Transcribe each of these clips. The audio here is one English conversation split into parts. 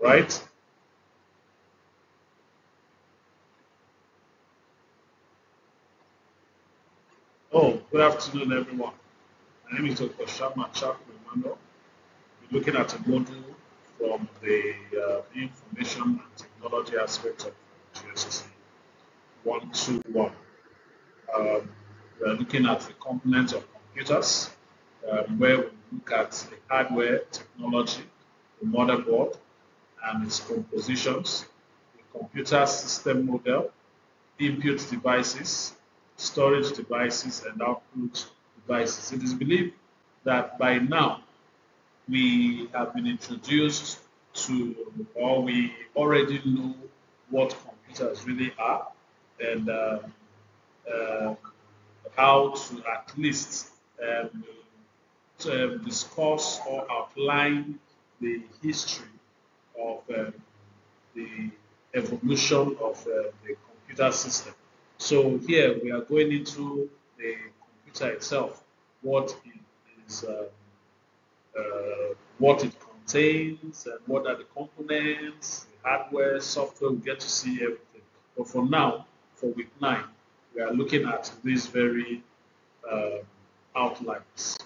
right? Oh, good afternoon, everyone. My name is Dr. Sharma Chakumando. We're looking at a model from the uh, information and technology aspect of GSC 121. Um, we're looking at the components of computers, um, where we look at the hardware, technology, the motherboard, and um, its compositions, the computer system model, input devices, storage devices, and output devices. It is believed that by now we have been introduced to, or we already know what computers really are and uh, uh, how to at least um, to, um, discuss or outline the history of um, the evolution of uh, the computer system. So here we are going into the computer itself, what it is, um, uh, what it contains, and what are the components, the hardware, software. We get to see everything. But for now, for week nine, we are looking at these very um, outlines.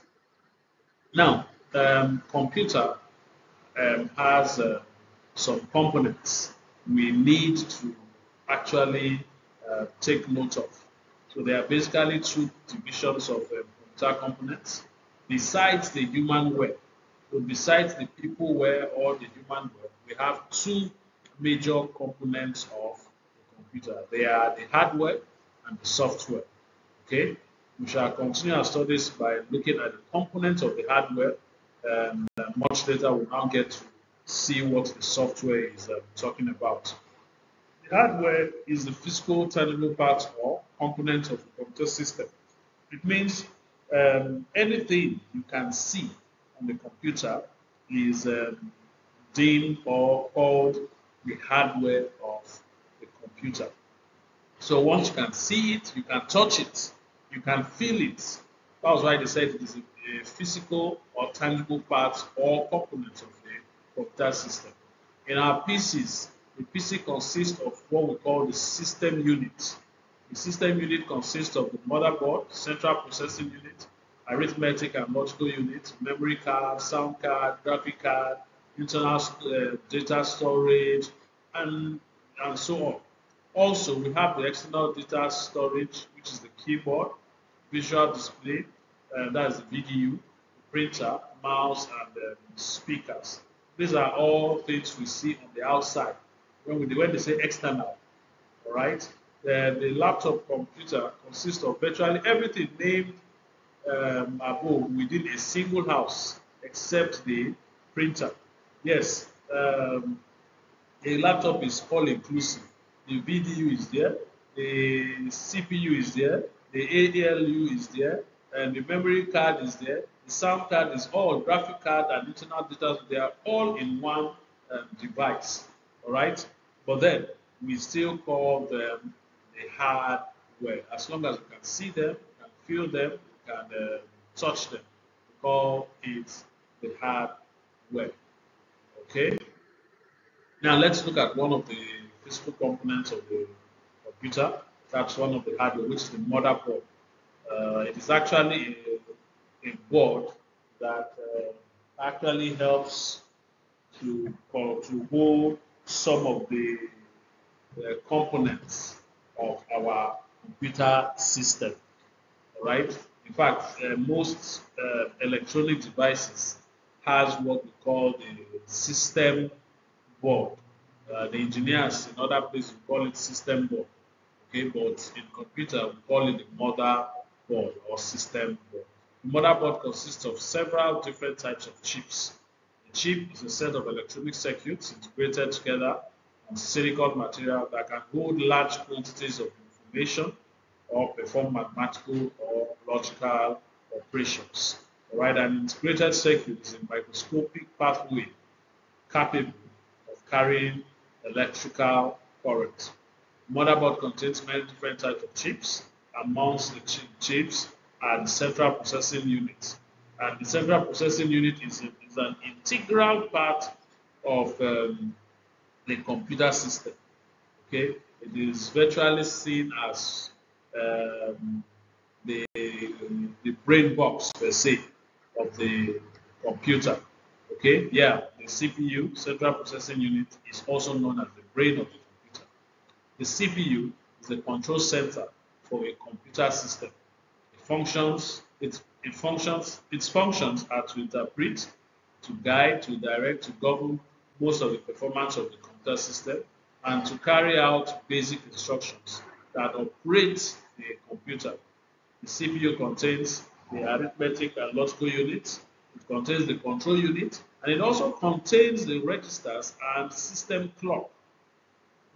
Now, um, computer um, has uh, some components we need to actually uh, take note of. So there are basically two divisions of uh, um, computer components. Besides the human web, so besides the people where or the human web, we have two major components of the computer. They are the hardware and the software. Okay, we shall continue our studies by looking at the components of the hardware, and uh, much later we'll now get to see what the software is uh, talking about. The hardware is the physical tangible part or component of the computer system. It means um, anything you can see on the computer is um, deemed or called the hardware of the computer. So once you can see it, you can touch it, you can feel it. That's why they said it is a, a physical or tangible part or component of computer system. In our PCs, the PC consists of what we call the system unit. The system unit consists of the motherboard, central processing unit, arithmetic and logical unit, memory card, sound card, graphic card, internal uh, data storage, and, and so on. Also, we have the external data storage, which is the keyboard, visual display, uh, that is the VDU, printer, mouse, and eh, speakers. These are all things we see on the outside when, we, when they say external. All right. The, the laptop computer consists of virtually everything named um, above within a single house except the printer. Yes, um, a laptop is all inclusive. The VDU is there, the CPU is there, the ALU is there, and the memory card is there, the sound card is all graphic card and internal data. They are all in one um, device. All right. But then we still call them the hardware. As long as you can see them, can feel them, can uh, touch them, we call it the hardware. Okay. Now let's look at one of the physical components of the computer. That's one of the hardware, which is the motherboard. Uh, it is actually a board that uh, actually helps to, to hold some of the uh, components of our computer system, right? In fact, uh, most uh, electronic devices has what we call the system board. Uh, the engineers in other places call it system board. Okay, but in computer we call it the mother board or system board. The motherboard consists of several different types of chips. A chip is a set of electronic circuits integrated together on silicon material that can hold large quantities of information or perform mathematical or logical operations. All right, an integrated circuit is a microscopic pathway capable of carrying electrical current. The motherboard contains many different types of chips. Amongst the chip chips and central processing units. And the central processing unit is, a, is an integral part of um, the computer system. Okay, it is virtually seen as um, the the brain box per se of the computer. Okay, yeah, the CPU, central processing unit, is also known as the brain of the computer. The CPU is the control center for a computer system functions, its, it functions, its functions are to interpret, to guide, to direct, to govern most of the performance of the computer system, and to carry out basic instructions that operate the computer. The CPU contains the arithmetic and logical units, it contains the control unit, and it also contains the registers and system clock.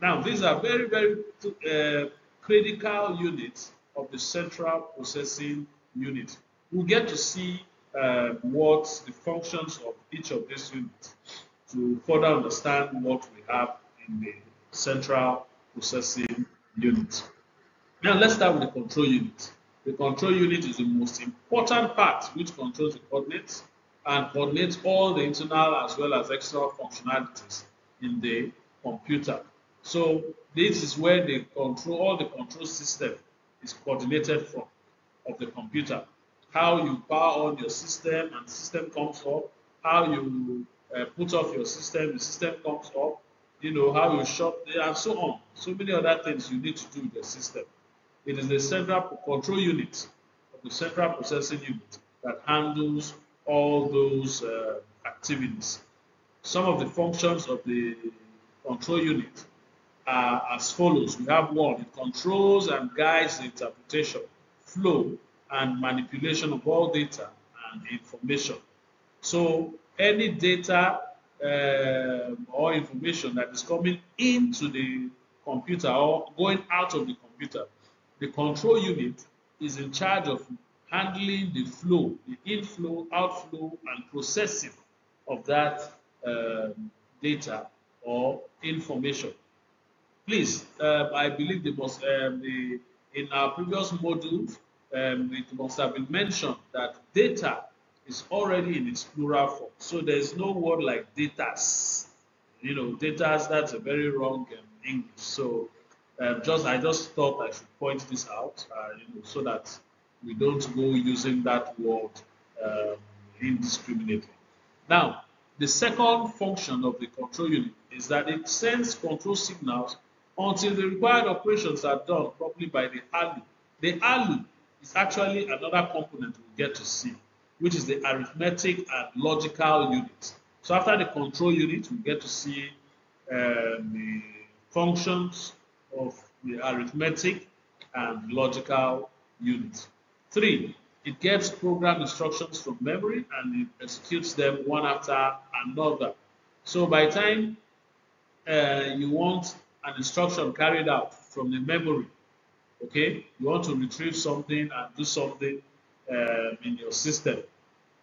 Now, these are very, very uh, critical units of the central processing unit. We'll get to see uh, what the functions of each of these units to further understand what we have in the central processing unit. Now let's start with the control unit. The control unit is the most important part which controls the coordinates and coordinates all the internal as well as external functionalities in the computer. So this is where they control all the control system is coordinated from of the computer. How you power on your system and system comes up, how you uh, put off your system, the system comes up, you know, how you shut and so on. So many other things you need to do with the system. It is the central control unit, the central processing unit that handles all those uh, activities. Some of the functions of the control unit uh, as follows. We have one, it controls and guides the interpretation, flow, and manipulation of all data and information. So any data uh, or information that is coming into the computer or going out of the computer, the control unit is in charge of handling the flow, the inflow, outflow, and processing of that uh, data or information. Please, uh, I believe there was um, the, in our previous modules, um, it must have been mentioned that data is already in its plural form. So there's no word like datas. You know, datas, that's a very wrong um, English. So um, just I just thought I should point this out, uh, you know, so that we don't go using that word um, indiscriminately. Now, the second function of the control unit is that it sends control signals until the required operations are done properly by the ALU. The ALU is actually another component we get to see, which is the arithmetic and logical units. So after the control unit, we get to see um, the functions of the arithmetic and logical units. Three, it gets program instructions from memory and it executes them one after another. So by time uh, you want an instruction carried out from the memory. Okay, you want to retrieve something and do something um, in your system.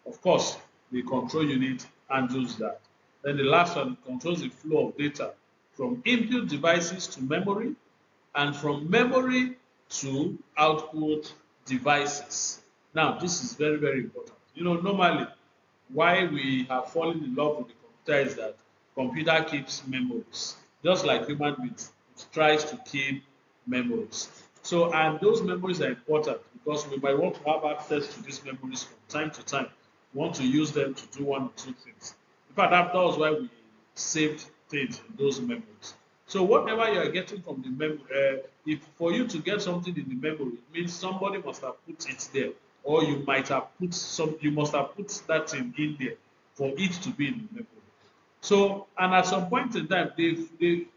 Of course, the control unit handles that. Then the last one controls the flow of data from input devices to memory and from memory to output devices. Now, this is very, very important. You know, normally, why we have fallen in love with the computer is that computer keeps memories just like human beings, it tries to keep memories. So, and those memories are important because we might want to have access to these memories from time to time. We want to use them to do one or two things. In fact, that was why we saved things in those memories. So, whatever you are getting from the memory, uh, if for you to get something in the memory, it means somebody must have put it there, or you might have put some, you must have put that thing in there for it to be in the memory. So, and at some point in time, the, the,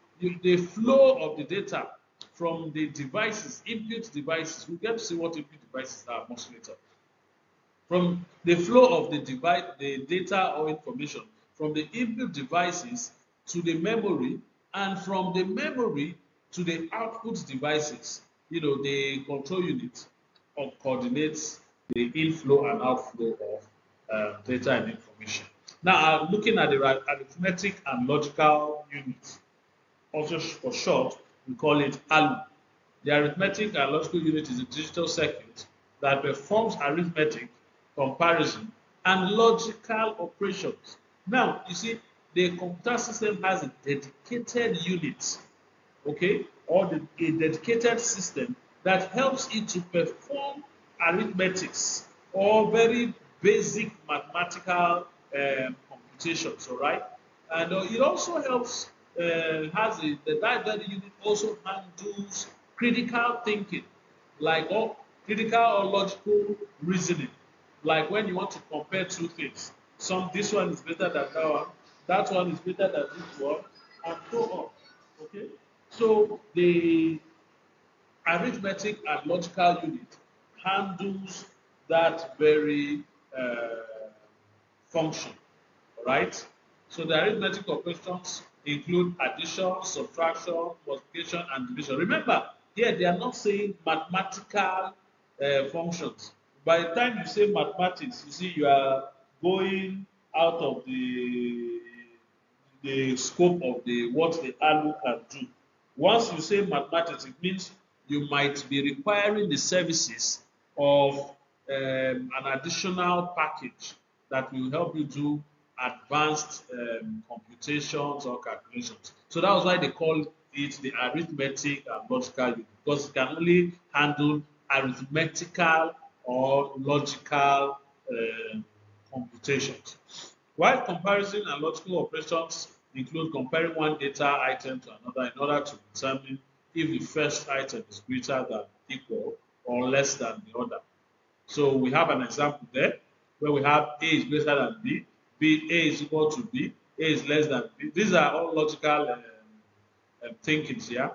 the flow of the data from the devices, input devices, we get to see what input devices are much later. From the flow of the device, the data or information from the input devices to the memory, and from the memory to the output devices, you know, the control unit or coordinates the inflow and outflow of uh, data and information. Now, I'm looking at the arithmetic and logical unit, Also, for short, we call it ALU. The arithmetic and logical unit is a digital circuit that performs arithmetic, comparison, and logical operations. Now, you see, the computer system has a dedicated unit, okay, or the, a dedicated system that helps it to perform arithmetics or very basic mathematical um, computations, all right? And uh, it also helps, uh, has a, the diabetic unit also handles critical thinking, like all, oh, critical or logical reasoning, like when you want to compare two things. Some, this one is better than that one, that one is better than this one, and so on, okay? So the arithmetic and logical unit handles that very uh, function, right? So the arithmetic operations include addition, subtraction, multiplication, and division. Remember, here they are not saying mathematical uh, functions. By the time you say mathematics, you see you are going out of the the scope of the what the ALU can do. Once you say mathematics, it means you might be requiring the services of um, an additional package that will help you do advanced um, computations or calculations. So that was why they call it the arithmetic and logical unit because it can only handle arithmetical or logical uh, computations. While comparison and logical operations include comparing one data item to another in order to determine if the first item is greater than equal or less than the other. So we have an example there where we have A is greater than B, B A is equal to B, A is less than B. These are all logical um, um, thinkings here.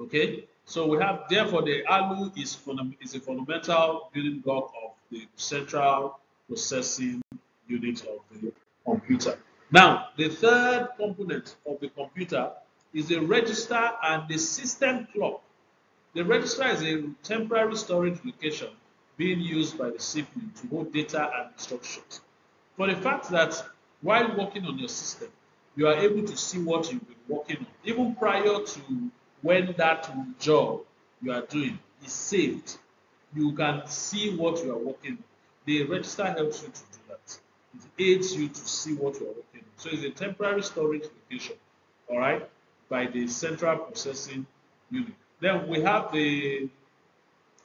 Okay, so we have therefore the ALU is, is a fundamental building block of the central processing unit of the computer. Now, the third component of the computer is the register and the system clock. The register is a temporary storage location being used by the CPU to hold data and instructions. For the fact that while working on your system, you are able to see what you've been working on, even prior to when that job you are doing is saved, you can see what you are working on. The register helps you to do that. It aids you to see what you are working on. So it's a temporary storage location, all right, by the central processing unit. Then we have the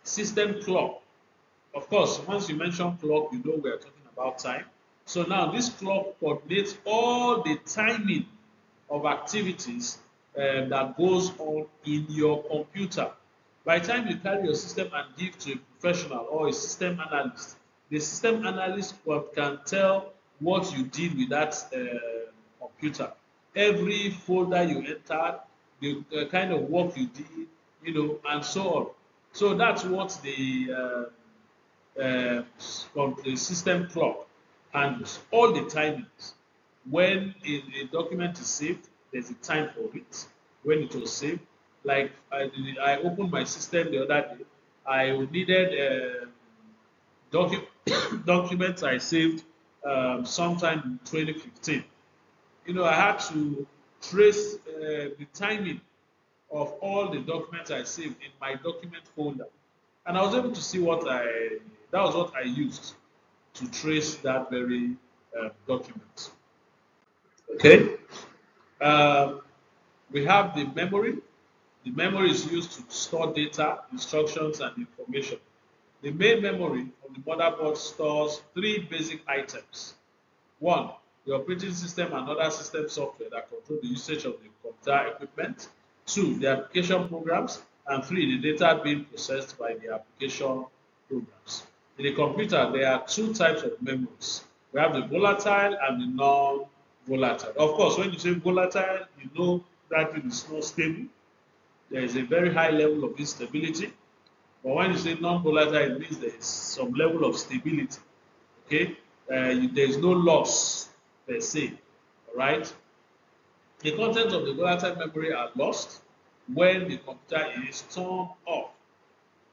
system clock of course, once you mention clock, you know we are talking about time. So now this clock coordinates all the timing of activities uh, that goes on in your computer. By the time you carry your system and give to a professional or a system analyst, the system analyst can tell what you did with that uh, computer. Every folder you entered, the uh, kind of work you did, you know, and so on. So that's what the um, uh, from the system clock and all the timings. When a, a, document is saved, there's a time for it. When it was saved, like I, I opened my system the other day, I needed uh, docu documents I saved um, sometime in 2015. You know, I had to trace uh, the timing of all the documents I saved in my document folder. And I was able to see what I that was what I used to trace that very uh, document. Okay? Uh, we have the memory. The memory is used to store data, instructions, and information. The main memory of the motherboard stores three basic items. One, the operating system and other system software that control the usage of the computer equipment. Two, the application programs. And three, the data being processed by the application programs. In a computer, there are two types of memories. We have the volatile and the non-volatile. Of course, when you say volatile, you know that it is not stable. There is a very high level of instability. But when you say non-volatile, it means there is some level of stability. Okay? Uh, there is no loss per se. All right? The contents of the volatile memory are lost when the computer is turned off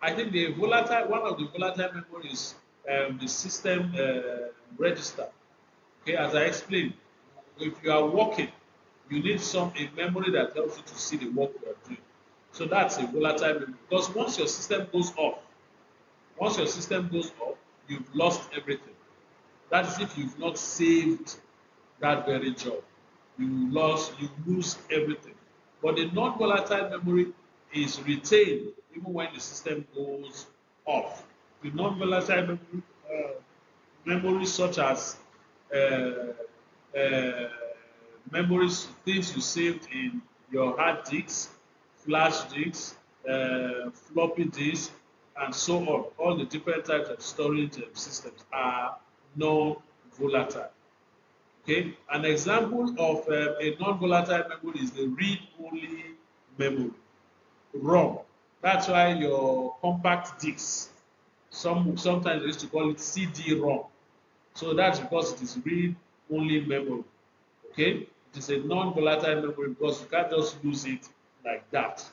I think the volatile, one of the volatile memories, um, the system uh, register. Okay, as I explained, if you are working, you need some a memory that helps you to see the work you are doing. So that's a volatile memory because once your system goes off, once your system goes off, you've lost everything. That's if you've not saved that very job. You lost, you lose everything. But the non-volatile memory is retained even when the system goes off. The non-volatile memory, uh, memories such as uh, uh, memories, things you saved in your hard disks, flash disks, uh, floppy disks, and so on. All the different types of storage um, systems are non-volatile. Okay, an example of um, a non-volatile memory is the read-only memory. ROM. That's why your compact discs, some sometimes they used to call it CD-ROM. So that's because it is read-only memory. Okay, it is a non-volatile memory because you can't just lose it like that.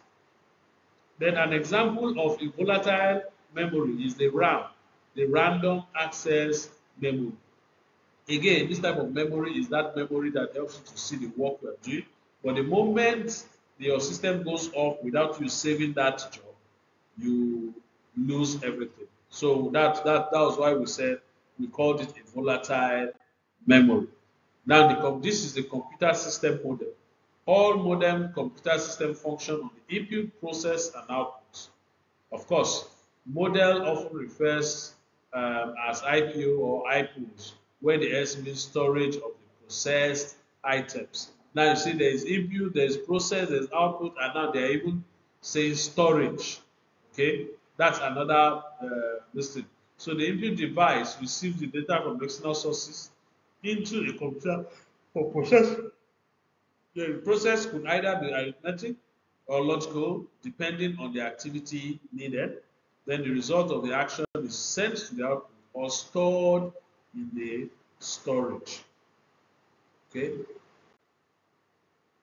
Then an example of a volatile memory is the RAM, the random access memory. Again, this type of memory is that memory that helps you to see the work you are doing. But the moment your system goes off without you saving that job, you lose everything. So that that that was why we said we called it a volatile memory. Now the, this is the computer system model. All modern computer system function on the input, process, and output. Of course, model often refers um, as IPO or IPOs, where the S means storage of the processed items now you see there is input, there is process, there is output, and now they are even saying storage. Okay, that's another uh, listing. So the input device receives the data from external sources into a computer for process. The process could either be arithmetic or logical, depending on the activity needed. Then the result of the action is sent to the output or stored in the storage. Okay,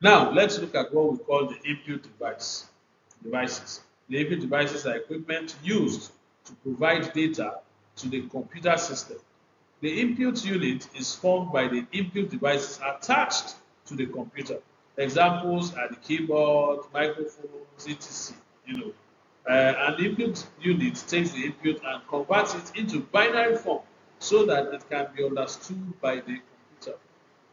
now, let's look at what we call the input device, devices. The APU devices are equipment used to provide data to the computer system. The input unit is formed by the input devices attached to the computer. Examples are the keyboard, microphones, etc. You know, uh, an input unit takes the input and converts it into binary form so that it can be understood by the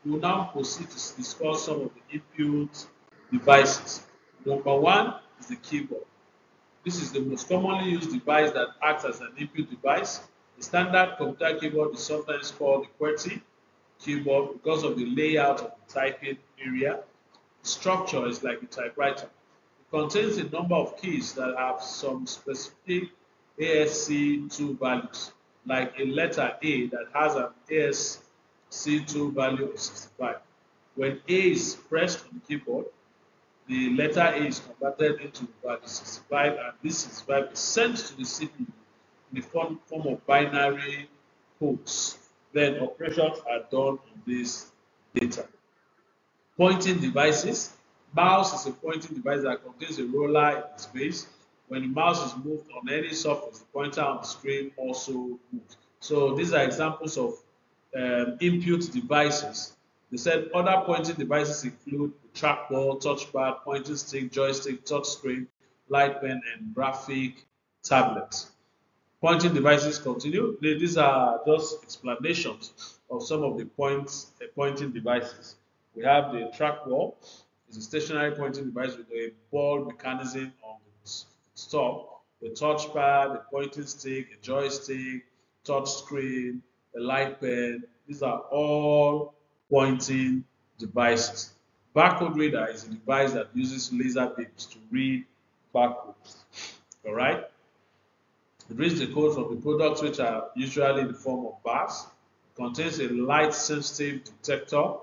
we will now proceed to discuss some of the input devices. Number one is the keyboard. This is the most commonly used device that acts as an input device. The standard computer keyboard is sometimes called the QWERTY keyboard because of the layout of the typing area. The structure is like a typewriter. It contains a number of keys that have some specific ASC2 values, like a letter A that has an ASC C2 value of 65. When A is pressed on the keyboard, the letter A is converted into value 65 and this 65 is sent to the CPU in the form, form of binary codes. Then operations are done on this data. Pointing devices. Mouse is a pointing device that contains a roller in space. When the mouse is moved on any surface, the pointer on the screen also moves. So these are examples of um, input devices. They said other pointing devices include the trackball, touchpad, pointing stick, joystick, touchscreen, light pen, and graphic tablet. Pointing devices continue. These are just explanations of some of the points, uh, pointing devices. We have the trackball. It's a stationary pointing device with a ball mechanism on the stop, the touchpad, the pointing stick, a joystick, touch screen, a light pen. These are all pointing devices. Barcode reader is a device that uses laser beams to read barcodes. All right? It reads the codes of the products, which are usually in the form of bars. It contains a light sensitive detector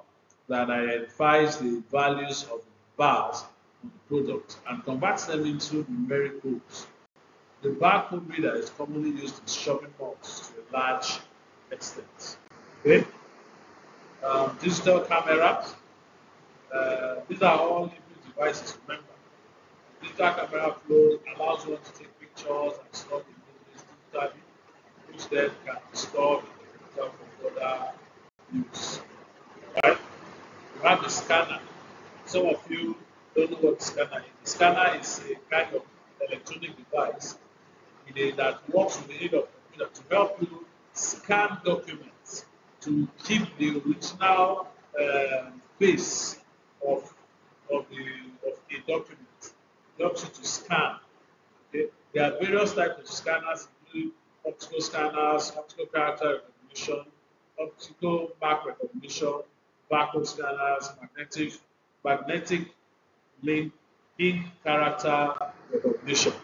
that identifies the values of the bars on the product and converts them into numeric codes. The barcode reader is commonly used in shopping malls to enlarge large extent. Okay? Um, digital cameras. Uh, these are all living devices, remember. Digital camera flow allows one to take pictures and store the images digitally, which then can be stored in the computer for further use. Right? You have the scanner. Some of you don't know what the scanner is. The scanner is a kind of electronic device that works with the aid of Scan documents to keep the original uh, face of, of, the, of a document. It helps you to scan. Okay? There are various types of scanners, including optical scanners, optical character recognition, optical back recognition, barcode scanners, magnetic, magnetic link in character recognition.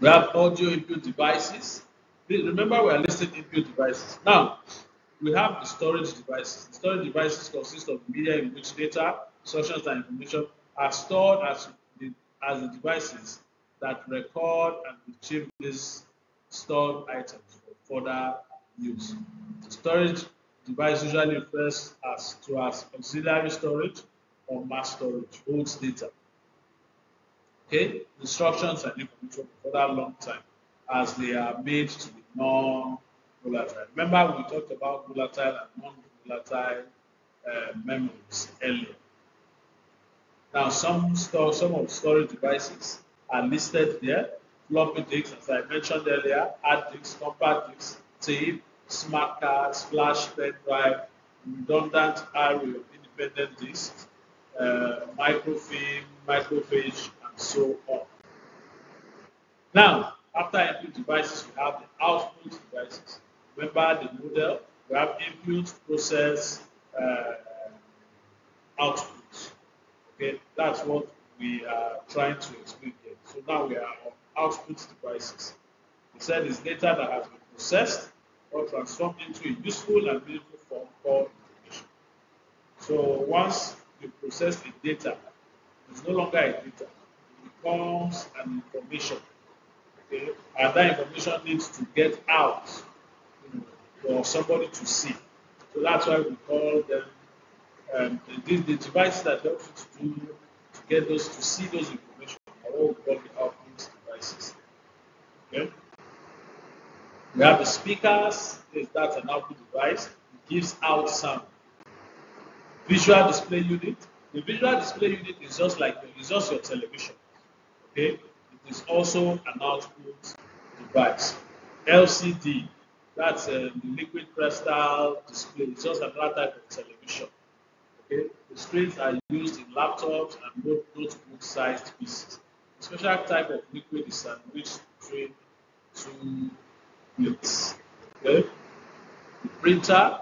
We have audio input devices remember we are listing input devices. Now, we have the storage devices. The storage devices consist of media in which data, instructions, and information are stored as the, as the devices that record and retrieve these stored items for further use. The storage device usually refers as to as auxiliary storage or mass storage, holds data. Okay, instructions and information for that long time as they are made to be non-volatile. Remember, we talked about volatile and non-volatile uh, memories earlier. Now, some store, some of storage devices are listed there. Floppy disks, as I mentioned earlier, hard disks, compact disks, tape, smart cards, flash pen drive, redundant array of independent disks, uh, microfilm, microphage, and so on. Now, after input devices, we have the output devices. Remember the model, we have input, process, uh, output. Okay, that's what we are trying to explain here. So now we are on output devices. We said it's data that has been processed or transformed into a useful and meaningful form called information. So once you process the data, it's no longer a data, it becomes an information okay, and that information needs to get out you know, for somebody to see. So that's why we call them um, the, the, device that helps you to do to get those to see those information are all called the outcomes devices. Okay. We have the speakers, if that's an output device? It gives out sound. Visual display unit. The visual display unit is just like it's just your television. Okay, is also an output device. LCD, that's a uh, liquid crystal display. It's just another type of television. Okay, the screens are used in laptops and notebook-sized pieces. A special type of liquid is sandwiched between two plates. Okay, the printer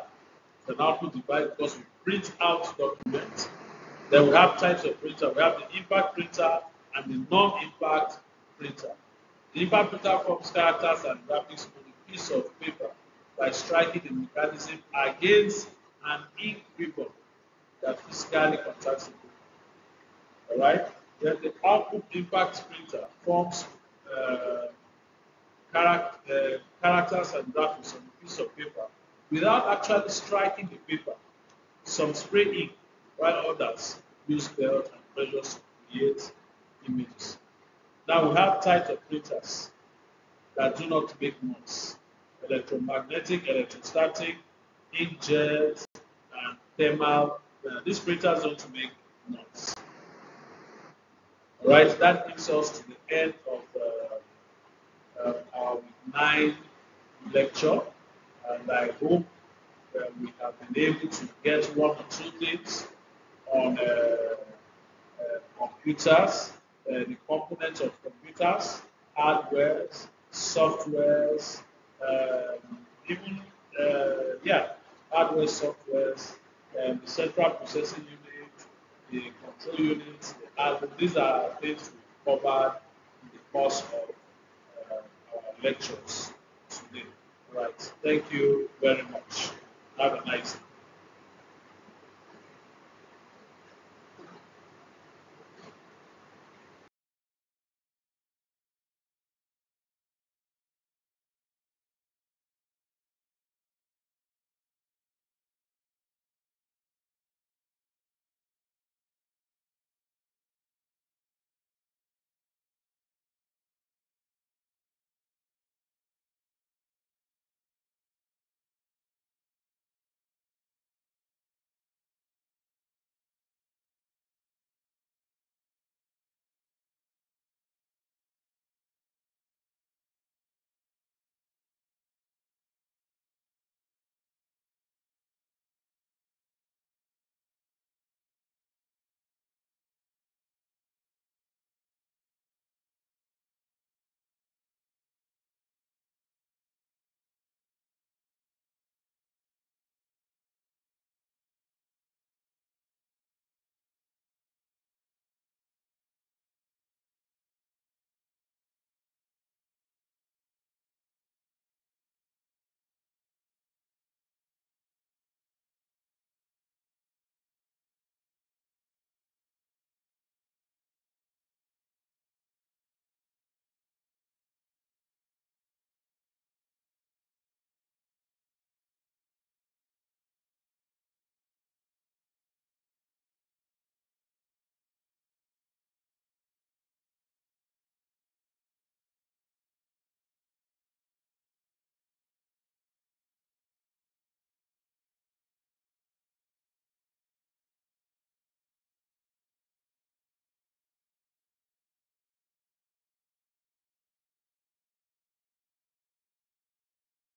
is an output device because we print out documents. Then we have types of printer. We have the impact printer and the non-impact printer. impact printer forms characters and graphics on a piece of paper by striking the mechanism against an ink ribbon that physically contacts the paper. Alright? Then the output impact printer forms uh, character, uh, characters and graphics on a piece of paper without actually striking the paper. Some spray ink, while others use belt and pressure to create images. Now we have tight operators that do not make noise. Electromagnetic, electrostatic, inkjet, and thermal. Uh, these operators don't make noise. Alright, that brings us to the end of uh, uh, our nine lecture. And I hope that we have been able to get one or two things on uh, uh, computers uh, the components of computers, hardware, software. um, even, uh, yeah, hardware, software, um, the central processing unit, the control units, the these are things we covered in the course of uh, our lectures today. Right. Thank you very much. Have a nice day.